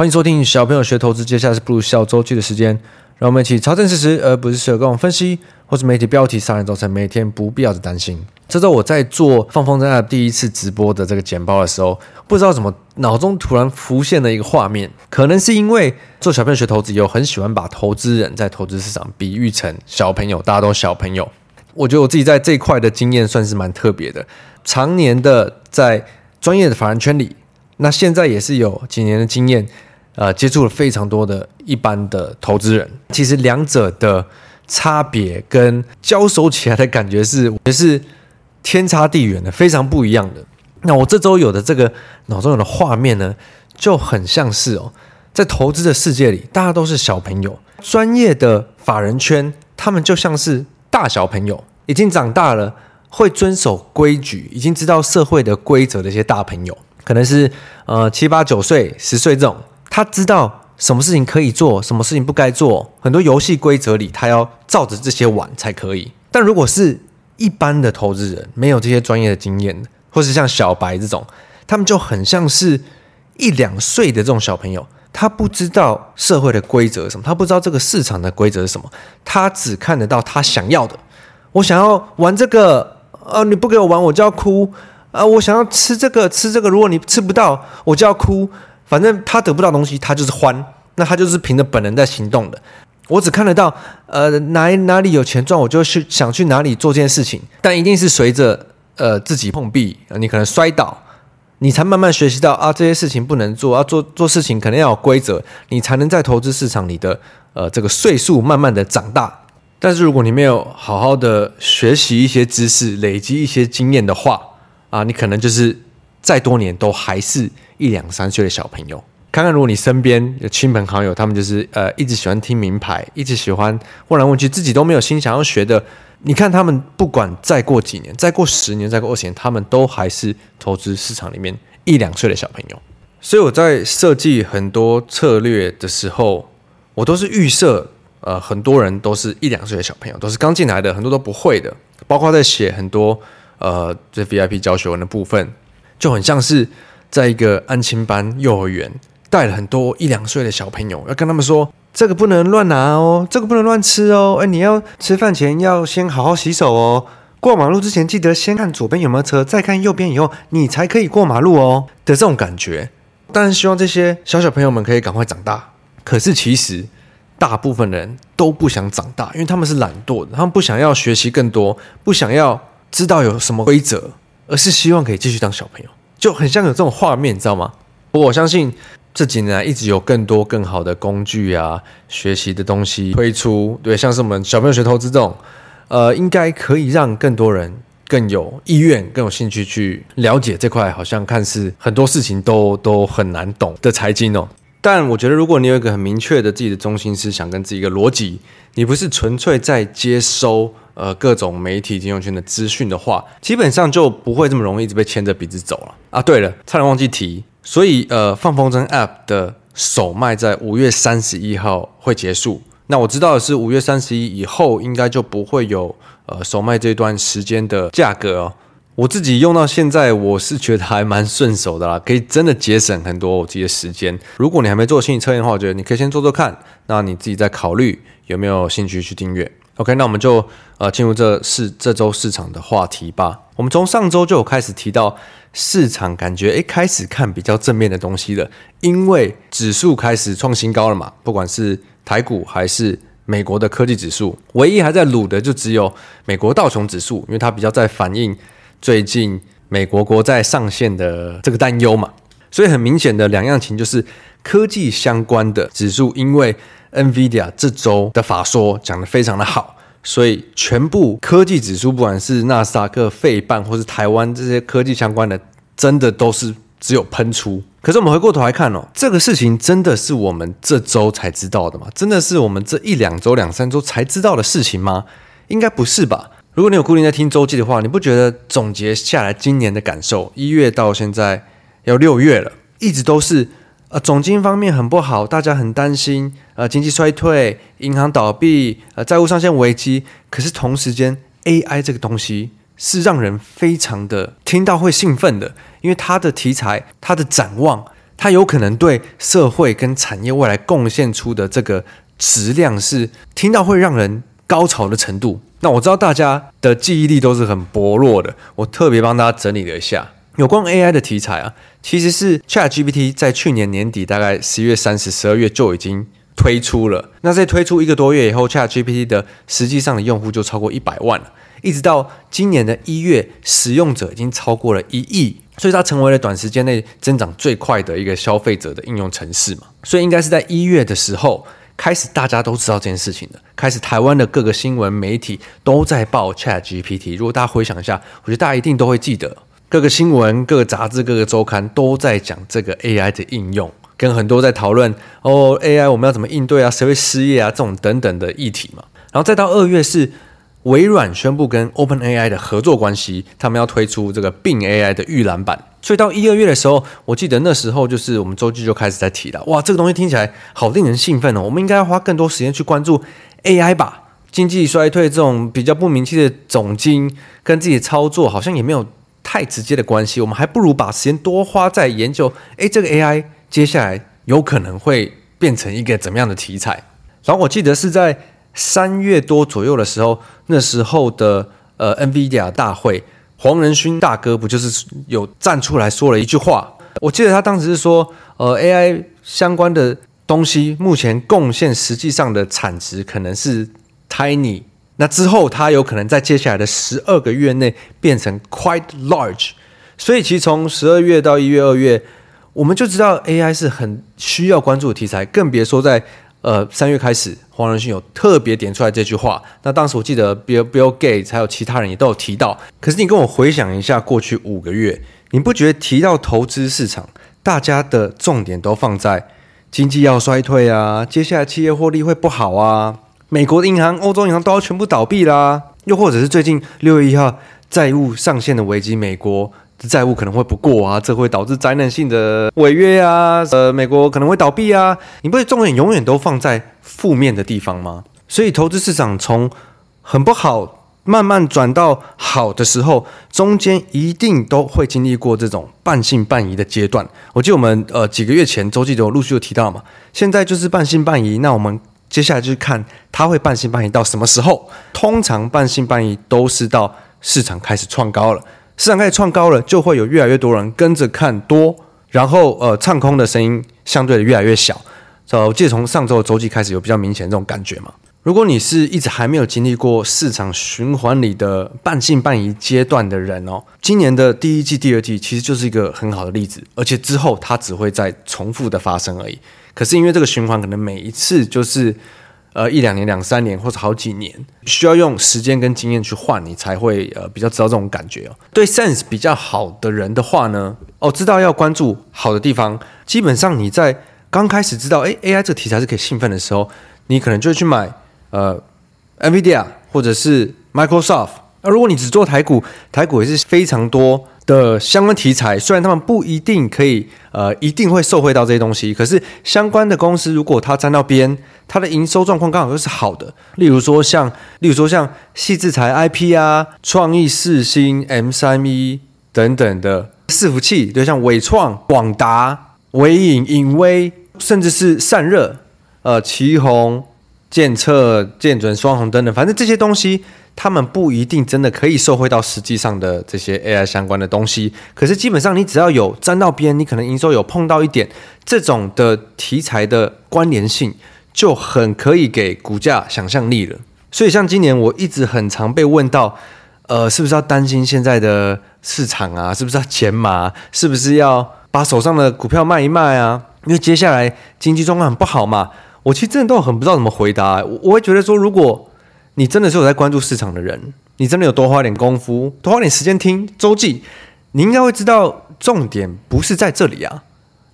歡迎收聽《小朋友學投資》，接下來是不魯小週記的時間。讓我們一起查證事實，而不是社工分析，或是媒體標題殺人造成每天不必要的擔心。這週我在做放風箏的第一次直播的這個簡報的時候，不知道怎麼腦中突然浮現了一個畫面，可能是因為做小朋友學投資有很喜歡把投資人在投資市場比喻成小朋友，大家都小朋友。我覺得我自己在這一塊的經驗算是蠻特別的，常年的在專業的法人圈裡，那現在也是有幾年的經驗。呃，接觸了非常多的一般的投資人，其實兩者的差別跟交手起來的感覺是，也是天差地遠的，非常不一樣的。那我這周有的這個腦中的畫面呢，就很像是哦，在投資的世界裡，大家都是小朋友，專業的法人圈，他們就像是大小朋友，已經長大了，會遵守規矩，已經知道社會的規則的一些大朋友，可能是呃七八九歲、十歲這種。他知道什麼事情可以做，什麼事情不該做。很多遊戲規則裡，他要照着這些玩才可以。但如果是一般的投資人，沒有這些專業的經驗，或是像小白這種，他們就很像是一兩歲的這種小朋友，他不知道社會的規則是什麼，他不知道這個市場的規則是什麼，他只看得到他想要的。我想要玩這個，呃，你不給我玩，我就要哭。啊、呃，我想要吃這個，吃這個，如果你吃不到，我就要哭。反正他得不到東西，他就是歡，那他就是憑着本能在行動的。我只看得到，呃，哪哪裡有錢賺，我就去想去哪裡做這件事情。但一定是隨着呃自己碰壁，呃，你可能摔倒，你才慢慢學習到啊，這些事情不能做啊，做做事情可能要有規則，你才能在投資市場裡的呃這個歲數慢慢的長大。但是如果你沒有好好的學習一些知識，累積一些經驗的話啊，你可能就是再多年都還是。一兩三歲的小朋友。看看如果你身邊的親朋好友，他們就是呃，一直喜歡聽明牌，一直喜歡問來問去，自己都沒有心想要學的。你看他們不管再過幾年，再過十年，再過二十年，他們都還是投資市場裡面一兩歲的小朋友。所以我在設計很多策略的時候，我都是預設呃，很多人都是一兩歲的小朋友，都是剛進來的，很多都不會的。包括在寫很多呃這 VIP 教學文的部分，就很像是，在一個安親班幼兒園，帶了很多一兩歲的小朋友，要跟他們說：“這個不能亂拿哦，這個不能亂吃哦，哎，你要吃飯前要先好好洗手哦，過馬路之前記得先看左邊有沒有車，再看右邊以後，你才可以過馬路哦。”的這種感覺。當然，希望這些小小朋友們可以趕快長大。可是，其實大部分人都不想長大，因為他們是懶惰的，他們不想要學習更多，不想要知道有什麼規則，而是希望可以繼續當小朋友。就很像有這種畫面，你知道嗎？不過我相信這幾年來一直有更多更好的工具啊，學習的東西推出，對，像是我們小朋友學投資這種，呃，應該可以讓更多人更有意願、更有興趣去了解這塊，好像看似很多事情都都很難懂的財經哦。但我覺得，如果你有一個很明確的自己的中心思想跟自己一個邏輯，你不是純粹在接收。呃，各種媒體、金融圈的資訊的話，基本上就不會這麼容易一直被牽着鼻子走了啊。對了，差點忘記提，所以呃，放風箏 App 的首賣在五月三十一號會結束。那我知道的是，五月三十一以後應該就不會有呃首賣這一段時間的價格哦。我自己用到現在，我是覺得還蠻順手的啦，可以真的節省很多我自己的時間。如果你還沒做心理測驗的話，我覺得你可以先做做看，那你自己再考慮有沒有興趣去訂閱。OK，那我們就呃進入這市這,這周市場的話題吧。我們從上周就有開始提到市場，感覺哎開始看比較正面的東西了，因為指數開始創新高了嘛，不管是台股還是美國的科技指數，唯一還在魯的就只有美國道瓊指數，因為它比較在反映最近美國國債上限的這個擔憂嘛。所以很明顯的兩樣情就是科技相關的指數，因為。NVIDIA 這週的法說講得非常的好，所以全部科技指數，不管是納斯達克、費半或是台灣這些科技相關的，真的都是只有噴出。可是我們回過頭來看哦，這個事情真的是我們這週才知道的嗎？真的是我們這一兩週、兩三週才知道的事情嗎？應該不是吧？如果你有固定在聽週記的話，你不覺得總結下來今年的感受，一月到現在要六月了，一直都是。呃，總經方面很不好，大家很擔心。呃，經濟衰退，銀行倒閉，呃，債務上限危機。可是同時間，AI 這個東西是讓人非常的聽到會興奮的，因為它的題材、它的展望，它有可能對社會跟產業未來貢獻出的這個質量是聽到會讓人高潮的程度。那我知道大家的記憶力都是很薄弱的，我特別幫大家整理了一下有關 AI 的題材啊。其實是 ChatGPT 在去年年底，大概十一月三十、十二月就已經推出了。那在推出一個多月以後，ChatGPT 的實際上的用戶就超過一百萬了。一直到今年的一月，使用者已經超過了一億，所以它成為了短時間內增長最快的一個消費者的應用程式嘛。所以應該是在一月的時候開始，大家都知道這件事情的。開始，台灣的各個新聞媒體都在報 ChatGPT。如果大家回想一下，我覺得大家一定都會記得。各個新聞、各個雜誌、各個週刊都在講這個 AI 的應用，跟很多在討論哦，AI 我們要怎麼應對啊？誰會失業啊？這種等等的議題嘛。然後再到二月是微軟宣布跟 OpenAI 的合作關係，他們要推出這個 Bing AI 的預覽版。所以到一二月的時候，我記得那時候就是我們週記就開始在提了，哇，這個東西聽起來好令人興奮哦！我們應該要花更多時間去關注 AI 吧。經濟衰退這種比較不明確的總經跟自己的操作，好像也沒有。太直接的關係，我們還不如把時間多花在研究。哎、欸，這個 AI 接下來有可能會變成一個怎麼樣的題材？然後我記得是在三月多左右的時候，那時候的呃 NVIDIA 大會，黃仁勳大哥不就是有站出來說了一句話？我記得他當時是說，呃，AI 相關的東西目前貢獻實際上的產值可能是 tiny。那之後，它有可能在接下來的十二個月內變成 quite large，所以其實從十二月到一月、二月，我們就知道 AI 是很需要關注的題材，更別說在呃三月開始，黃仁勳有特別點出來這句話。那當時我記得 Bill Bill Gates 還有其他人也都有提到。可是你跟我回想一下過去五個月，你不覺得提到投資市場，大家的重點都放在經濟要衰退啊，接下來企業獲利會不好啊？美國的銀行、歐洲銀行都要全部倒閉啦，又或者是最近六月一號債務上限的危機，美國的債務可能會不過啊，這會導致災難性的違約啊，呃，美國可能會倒閉啊。你不會重點永遠都放在負面的地方嗎？所以，投資市場從很不好慢慢轉到好的時候，中間一定都會經歷過這種半信半疑的階段。我記得我們呃幾個月前周記都陸續有提到嘛，現在就是半信半疑。那我們。接下來就是看他會半信半疑到什麼時候。通常半信半疑都是到市場開始創高了，市場開始創高了，就會有越來越多人跟着看多，然後呃唱空的聲音相對的越來越小。我記得從上週的週記開始有比較明顯這種感覺嘛。如果你是一直還沒有經歷過市場循環裡的半信半疑階段的人哦，今年的第一季、第二季其實就是一個很好的例子，而且之後它只會再重複的發生而已。可是因為這個循環可能每一次就是呃一兩年、兩三年或者好幾年，需要用時間跟經驗去換，你才會呃比較知道這種感覺哦。對 sense 比較好的人的話呢，哦知道要關注好的地方，基本上你在剛開始知道哎、欸、AI 這題材是可以興奮的時候，你可能就會去買。呃，Nvidia 或者是 Microsoft。那如果你只做台股，台股也是非常多的相關題材。雖然他們不一定可以，呃，一定會受惠到這些東西，可是相關的公司如果它沾到邊，它的營收狀況剛好又是好的。例如說像，例如說像戲製材 IP 啊、創意四星 M 三一等等的伺服器，就像偉創、廣達、偉影、影威，甚至是散熱，呃，旗宏。健策、建準、雙鴻等等，反正這些東西，他們不一定真的可以受惠到實際上的這些 AI 相關的東西。可是基本上，你只要有沾到邊，你可能營收有碰到一點這種的題材的關聯性，就很可以給股價想象力了。所以像今年，我一直很常被問到，呃，是不是要擔心現在的市場啊？是不是要減碼？是不是要把手上的股票賣一賣啊？因為接下來經濟狀況很不好嘛。我其實真的都很不知道怎麼回答。我我會覺得說，如果你真的是有在關注市場的人，你真的有多花點功夫，多花點時間聽周記，你應該會知道重點不是在這裡啊。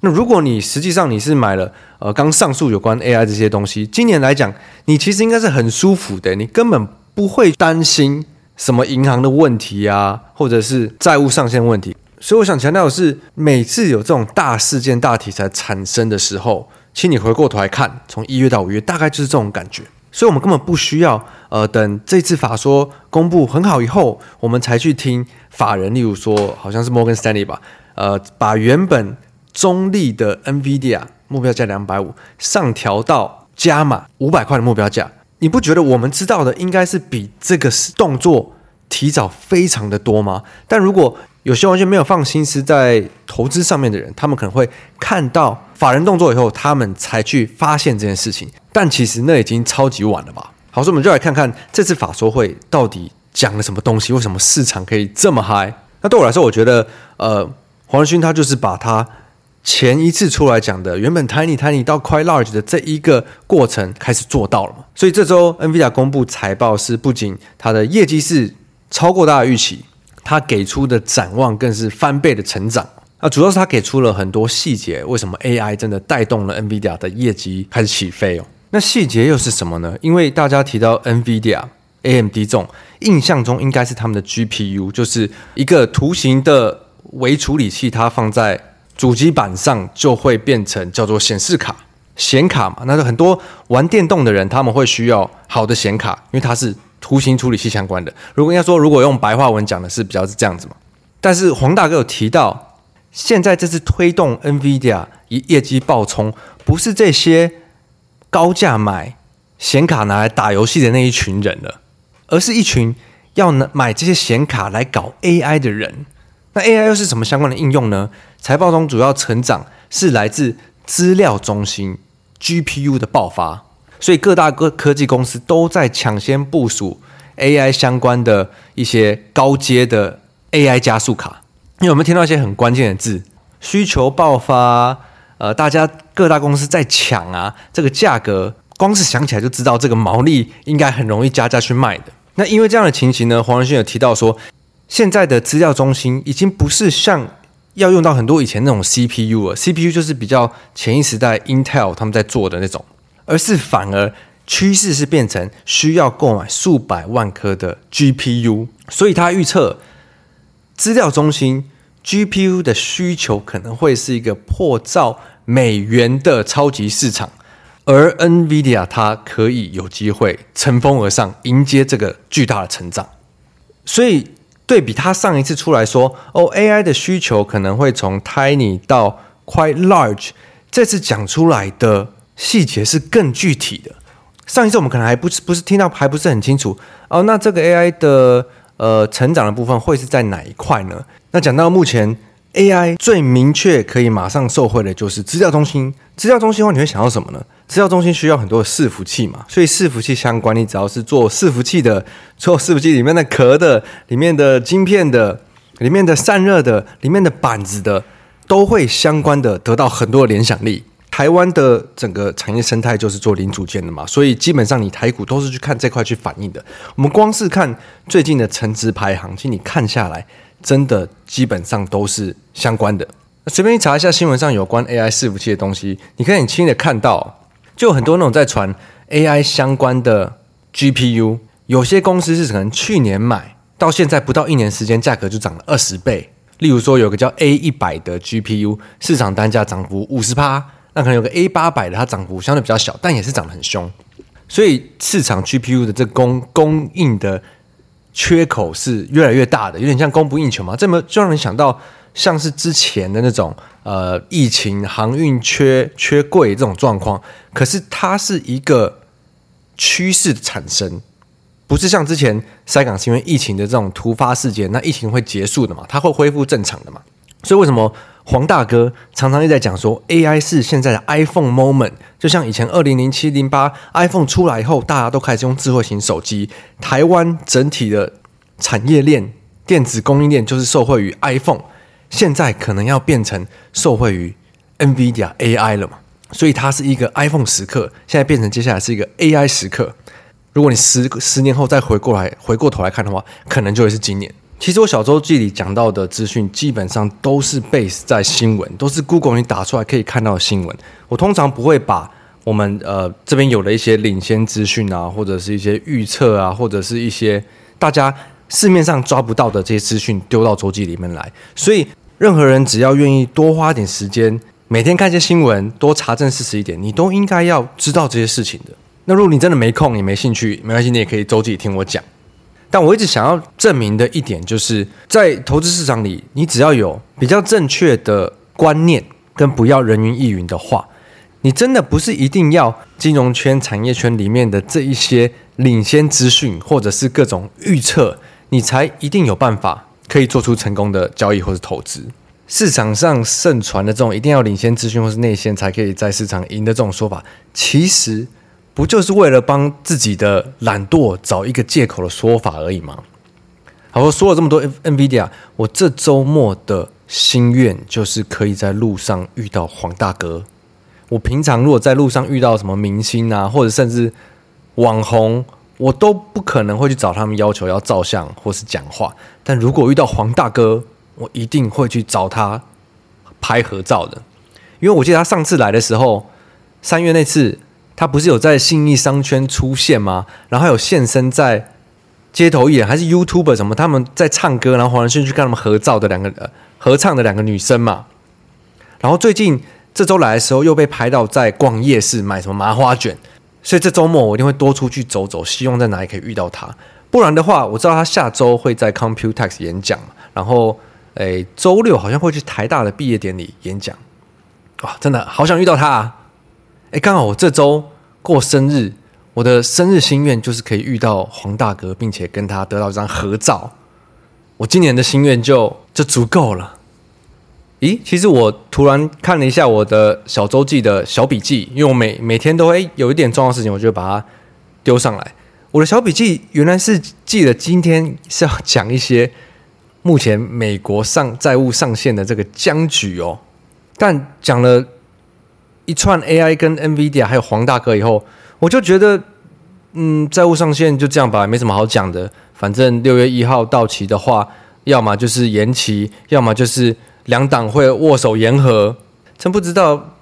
那如果你實際上你是買了呃剛上述有關 AI 這些東西，今年來講，你其實應該是很舒服的，你根本不會擔心什麼銀行的問題啊，或者是債務上限問題。所以我想強調的是，每次有這種大事件、大題材產生的時候。請你回過頭來看，從一月到五月，大概就是這種感覺。所以，我們根本不需要，呃，等這次法說公布很好以後，我們才去聽法人，例如說，好像是摩根士丹利吧，呃，把原本中立的 NVIDIA 目標價兩百五上調到加碼五百塊的目標價。你不覺得我們知道的應該是比這個動作提早非常的多嗎？但如果有些完全沒有放心思在投資上面的人，他們可能會看到。法人動作以後，他們才去發現這件事情，但其實那已經超級晚了吧？好，所以我們就來看看這次法說會到底講了什麼東西？為什麼市場可以這麼嗨？那對我來說，我覺得，呃，黃仁勳他就是把他前一次出來講的，原本 tiny tiny 到 quite large 的這一個過程開始做到了嘛？所以這周 NVIDIA 公布財報是不僅他的業績是超過大家預期，他給出的展望更是翻倍的成長。啊，主要是他給出了很多細節，為什麼 AI 真的帶動了 NVIDIA 的業績開始起飛哦？那細節又是什麼呢？因為大家提到 NVIDIA、AMD 這種，印象中應該是他們的 GPU，就是一個圖形的微處理器，它放在主機板上就會變成叫做顯示卡、顯卡嘛。那是很多玩電動的人他們會需要好的顯卡，因為它是圖形處理器相關的。如果應該說，如果用白話文講的是比較是這樣子嘛。但是黃大哥有提到。現在這次推動 NVIDIA 以業績爆衝，不是這些高價買顯卡拿來打遊戲的那一群人了，而是一群要買這些顯卡來搞 AI 的人。那 AI 又是什麼相關的應用呢？財報中主要成長是來自資料中心 GPU 的爆發，所以各大科科技公司都在搶先部署 AI 相關的一些高階的 AI 加速卡。因為有沒有聽到一些很關鍵的字？需求爆發，呃，大家各大公司在搶啊，這個價格，光是想起來就知道，這個毛利應該很容易加價去賣的。那因為這樣的情形呢，黃仁勳有提到說，現在的資料中心已經不是像要用到很多以前那種 CPU 了，CPU 就是比較前一時代 Intel 他們在做的那種，而是反而趨勢是變成需要購買數百萬顆的 GPU，所以他預測。資料中心 GPU 的需求可能會是一個破兆美元的超級市場，而 NVIDIA 它可以有機會乘風而上，迎接這個巨大的成長。所以對比它上一次出來說：“哦，AI 的需求可能會從 tiny 到 quite large。”這次講出來的細節是更具體的。上一次我們可能還不是不是聽到還不是很清楚哦。那這個 AI 的。呃，成長的部分會是在哪一塊呢？那講到目前 AI 最明確可以馬上受惠的就是資料中心。資料中心的話，你會想到什麼呢？資料中心需要很多的伺服器嘛，所以伺服器相關，你只要是做伺服器的，做伺服器裡面的殼的、裡面的晶片的、裡面的散熱的、裡面的板子的，都會相關的得到很多的聯想力。台灣的整個產業生態就是做零組件的嘛，所以基本上你台股都是去看這塊去反應的。我們光是看最近的成值排行，其實你看下來，真的基本上都是相關的。隨便查一下新聞上有關 AI 伺服器的東西，你可以很輕易的看到，就有很多那種在傳 AI 相關的 GPU。有些公司是可能去年買到現在不到一年時間，價格就漲了二十倍。例如說，有個叫 A 一百的 GPU，市場單價漲幅五十趴。那可能有個 A800 的，它漲幅相對比較小，但也是漲得很凶，所以市場 GPU 的這供供應的缺口是越來越大的，有點像供不應求嘛。這麼就讓人想到，像是之前的那種呃疫情航運缺缺櫃這種狀況，可是它是一個趨勢的產生，不是像之前塞港是因為疫情的這種突發事件，那疫情會結束的嘛，它會恢復正常的嘛。所以為什麼黃大哥常常又在講說，AI 是現在的 iPhone moment，就像以前二零零七零八 iPhone 出來以後，大家都開始用智慧型手機，台灣整體的產業鏈、電子供應鏈就是受惠於 iPhone，現在可能要變成受惠於 NVIDIA AI 了嘛。所以它是一個 iPhone 時刻，現在變成接下來是一個 AI 時刻。如果你十十年後再回過來、回過頭來看的話，可能就會是今年。其實我小週記裡講到的資訊，基本上都是 base 在新聞，都是 Google 你打出來可以看到的新聞。我通常不會把我們呃這邊有的一些領先資訊啊，或者是一些預測啊，或者是一些大家市面上抓不到的這些資訊丟到週記裡面來。所以，任何人只要願意多花點時間，每天看一些新聞，多查證事實一點，你都應該要知道這些事情的。那如果你真的沒空也沒興趣，沒關係，你也可以週記裡聽我講。但我一直想要證明的一點，就是在投資市場裡，你只要有比較正確的觀念，跟不要人云亦云的話，你真的不是一定要金融圈、產業圈裡面的這一些領先資訊，或者是各種預測，你才一定有辦法可以做出成功的交易或者投資。市場上盛傳的這種一定要領先資訊或是內線才可以在市場贏的這種說法，其實，不就是為了幫自己的懶惰找一個借口的說法而已嗎？好，我說了這麼多，NVIDIA，我這周末的心願就是可以在路上遇到黃大哥。我平常如果在路上遇到什麼明星啊，或者甚至網紅，我都不可能會去找他們要求要照相或是講話。但如果遇到黃大哥，我一定會去找他拍合照的，因為我記得他上次來的時候，三月那次。他不是有在信義商圈出現嗎？然後還有現身在街頭藝人，還是 YouTuber 什麼？他們在唱歌，然後黃仁勳去跟他們合照的兩個、呃、合唱的兩個女生嘛。然後最近這周來的時候又被拍到在逛夜市買什麼麻花卷。所以這週末我一定會多出去走走，希望在哪裡可以遇到他。不然的話，我知道他下周會在 Computex 演講，然後誒，週六好像會去台大的畢業典禮演講。哇，真的好想遇到他啊！哎、欸，剛好我這周過生日，我的生日心願就是可以遇到黃大哥，並且跟他得到一張合照。我今年的心願就就足夠了。咦，其實我突然看了一下我的小周記的小筆記，因為我每每天都會、欸、有一點重要事情，我就把它丟上來。我的小筆記原來是記得今天是要講一些目前美國上債務上限的這個僵局哦，但講了。一串 AI 跟 NVIDIA 還有黃大哥以後，我就覺得，嗯，債務上限就這樣吧，沒什麼好講的。反正六月一號到期的話，要麼就是延期，要麼就是兩黨會握手言和，真不知道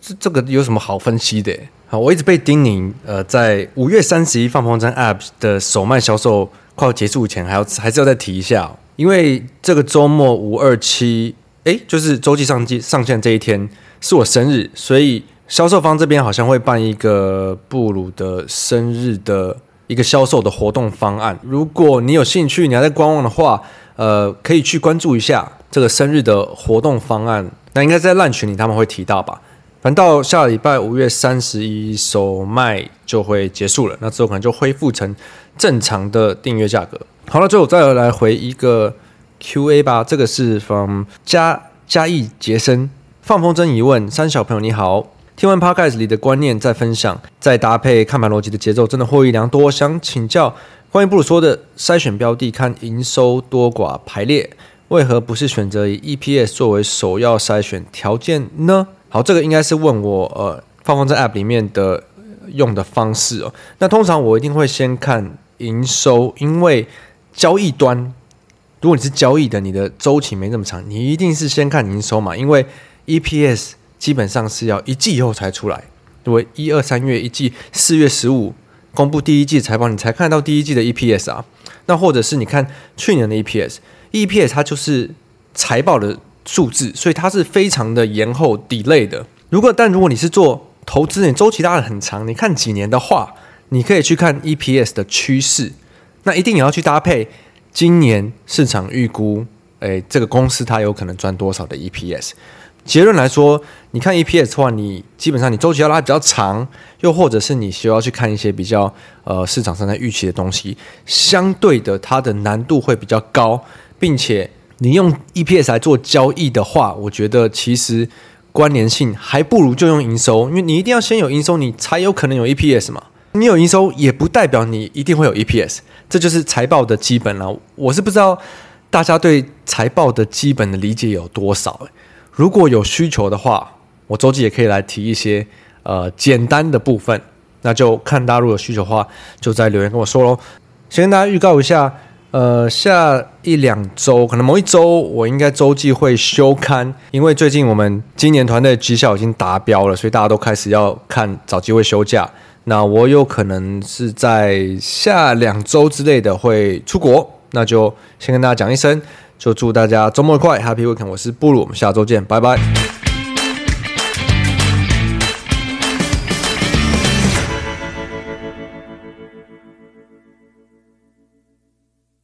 這這個有什麼好分析的。好，我一直被叮嚀，呃，在五月三十一放風箏 App 的首賣銷售快要結束前，還要還是要再提一下，因為這個周末五二七。誒，就是周記上集上線這一天是我生日，所以銷售方這邊好像會辦一個不魯的生日的一個銷售的活動方案。如果你有興趣，你還在觀望的話，呃，可以去關注一下這個生日的活動方案。那應該在 Line 群裡他們會提到吧？反正到下禮拜五月三十一首賣就會結束了，那之後可能就恢復成正常的訂閱價格。好了，最後再來回一個。Q&A 吧，這個是 from 加加毅傑森，放風箏疑問三。小朋友你好，聽完 Podcast 裡的觀念再分享，再搭配看盤邏輯的節奏，真的獲益良多。想請教關於不魯說的，篩選標的看營收多寡排列，為何不是選擇以 EPS 作為首要篩選條件呢？好，這個應該是問我呃放風箏 App 裡面的、呃、用的方式哦。那通常我一定會先看營收，因為交易端。如果你是交易的，你的週期沒那麼長，你一定是先看營收嘛，因為 E P S 基本上是要一季以後才出來。因為一二三月一季，四月十五公布第一季財報，你才看到第一季的 E P S 啊。那或者是你看去年的 E P S，E P S 它就是財報的數字，所以它是非常的延後 delay 的。如果但如果你是做投資，你週期拉的很長，你看幾年的話，你可以去看 E P S 的趨勢，那一定也要去搭配。今年市場預估，哎、欸，這個公司它有可能賺多少的 EPS？結論來說，你看 EPS 的話，你基本上你週期要拉比較長，又或者是你需要去看一些比較呃市場上在預期的東西，相對的它的難度會比較高，並且你用 EPS 來做交易的話，我覺得其實關聯性還不如就用營收，因為你一定要先有營收，你才有可能有 EPS 嘛。你有營收也不代表你一定會有 EPS，這就是財報的基本了啊。我是不知道大家對財報的基本的理解有多少。如果有需求的話，我週記也可以來提一些呃簡單的部分。那就看大家如果有需求的話，就在留言跟我說嘍。先跟大家預告一下，呃，下一兩週可能某一週我應該週記會休刊，因為最近我們今年團隊的績效已經達標了，所以大家都開始要看找機會休假。那我有可能是在下兩周之內的會出國，那就先跟大家講一聲，就祝大家周末愉快，Happy Weekend！我是不魯，我們下周見，拜拜。